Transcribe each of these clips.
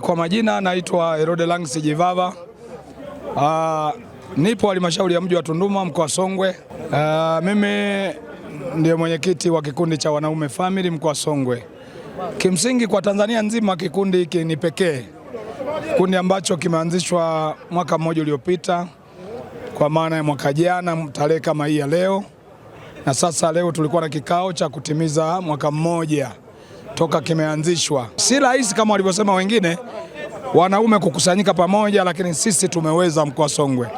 Kwa majina naitwa Herode Langsi Jivava. Uh, nipo halmashauri ya mji wa Tunduma mkoa Songwe. Uh, mimi ndiye mwenyekiti wa kikundi cha wanaume family mkoa Songwe. Kimsingi kwa Tanzania nzima kikundi hiki ni pekee, kikundi ambacho kimeanzishwa mwaka mmoja uliopita, kwa maana ya mwaka jana tarehe kama hii ya leo, na sasa leo tulikuwa na kikao cha kutimiza mwaka mmoja toka kimeanzishwa. Si rahisi kama walivyosema wengine wanaume kukusanyika pamoja, lakini sisi tumeweza. Mkoa Songwe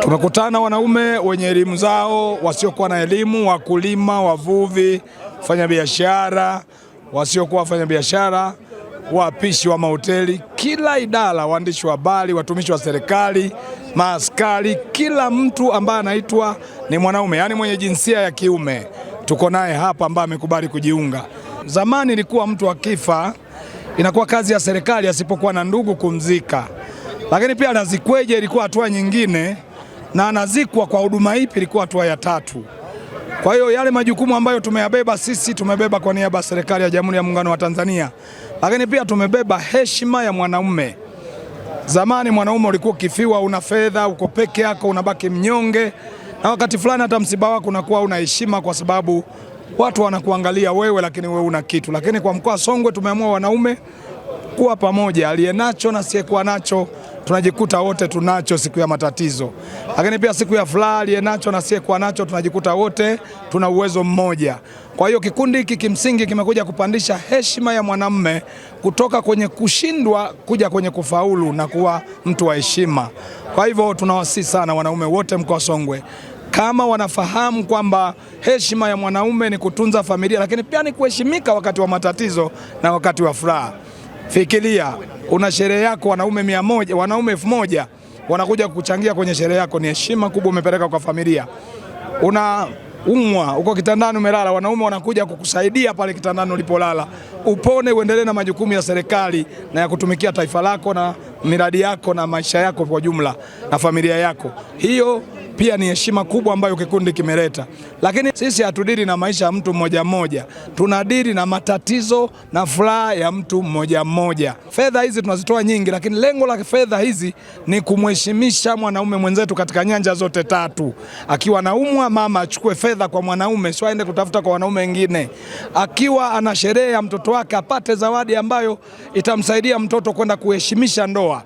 tumekutana wanaume wenye elimu zao, wasiokuwa na elimu, wakulima, wavuvi, biashara wasiokuwa wafanyabiashara, wapishi wa mahoteli, kila idara, waandishi wa habari, watumishi wa serikali, maaskari, kila mtu ambaye anaitwa ni mwanaume, yaani mwenye jinsia ya kiume, tuko naye hapa ambaye amekubali kujiunga. Zamani ilikuwa mtu akifa inakuwa kazi ya serikali asipokuwa na ndugu kumzika, lakini pia anazikweje ilikuwa hatua nyingine, na anazikwa kwa huduma ipi ilikuwa hatua ya tatu. Kwa hiyo yale majukumu ambayo tumeyabeba sisi tumebeba kwa niaba ya serikali ya Jamhuri ya Muungano wa Tanzania, lakini pia tumebeba heshima ya mwanaume. Zamani mwanaume ulikuwa ukifiwa, una fedha, uko peke yako, unabaki mnyonge, na wakati fulani hata msiba wako unakuwa una heshima, kwa sababu watu wanakuangalia wewe, lakini wewe una kitu. Lakini kwa mkoa Songwe tumeamua wanaume kuwa pamoja, aliyenacho na asiyekuwa nacho tunajikuta wote tunacho siku ya matatizo, lakini pia siku ya furaha, nacho na asiyekuwa nacho tunajikuta wote tuna uwezo mmoja. Kwa hiyo kikundi hiki kimsingi kimekuja kupandisha heshima ya mwanamme kutoka kwenye kushindwa kuja kwenye kufaulu na kuwa mtu wa heshima. Kwa hivyo tunawasihi sana wanaume wote mkoa Songwe kama wanafahamu kwamba heshima ya mwanaume ni kutunza familia, lakini pia ni kuheshimika wakati wa matatizo na wakati wa furaha. Fikiria una sherehe yako, wanaume mia moja, wanaume elfu moja wanakuja kuchangia kwenye sherehe yako. Ni heshima kubwa umepeleka kwa familia. Unaumwa uko kitandani, umelala, wanaume wanakuja kukusaidia pale kitandani ulipolala, upone, uendelee na majukumu ya serikali na ya kutumikia taifa lako na miradi yako na maisha yako kwa jumla na familia yako hiyo pia ni heshima kubwa ambayo kikundi kimeleta. Lakini sisi hatudili na maisha ya mtu mmoja mmoja, tunadili na matatizo na furaha ya mtu mmoja mmoja. Fedha hizi tunazitoa nyingi, lakini lengo la fedha hizi ni kumheshimisha mwanaume mwenzetu katika nyanja zote tatu. Akiwa anaumwa, mama achukue fedha kwa mwanaume, sio aende kutafuta kwa wanaume wengine. Akiwa ana sherehe ya mtoto wake, apate zawadi ambayo itamsaidia mtoto kwenda kuheshimisha ndoa,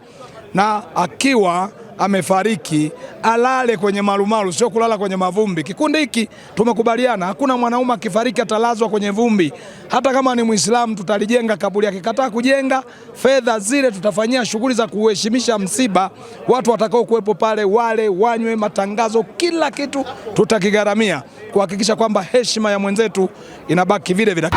na akiwa amefariki alale kwenye marumaru, sio kulala kwenye mavumbi. Kikundi hiki tumekubaliana, hakuna mwanaume akifariki atalazwa kwenye vumbi, hata kama ni Muislamu tutalijenga kaburi. Akikataa kujenga, fedha zile tutafanyia shughuli za kuheshimisha msiba, watu watakao kuwepo pale wale, wanywe, matangazo, kila kitu tutakigharamia kuhakikisha kwamba heshima ya mwenzetu inabaki vile vile.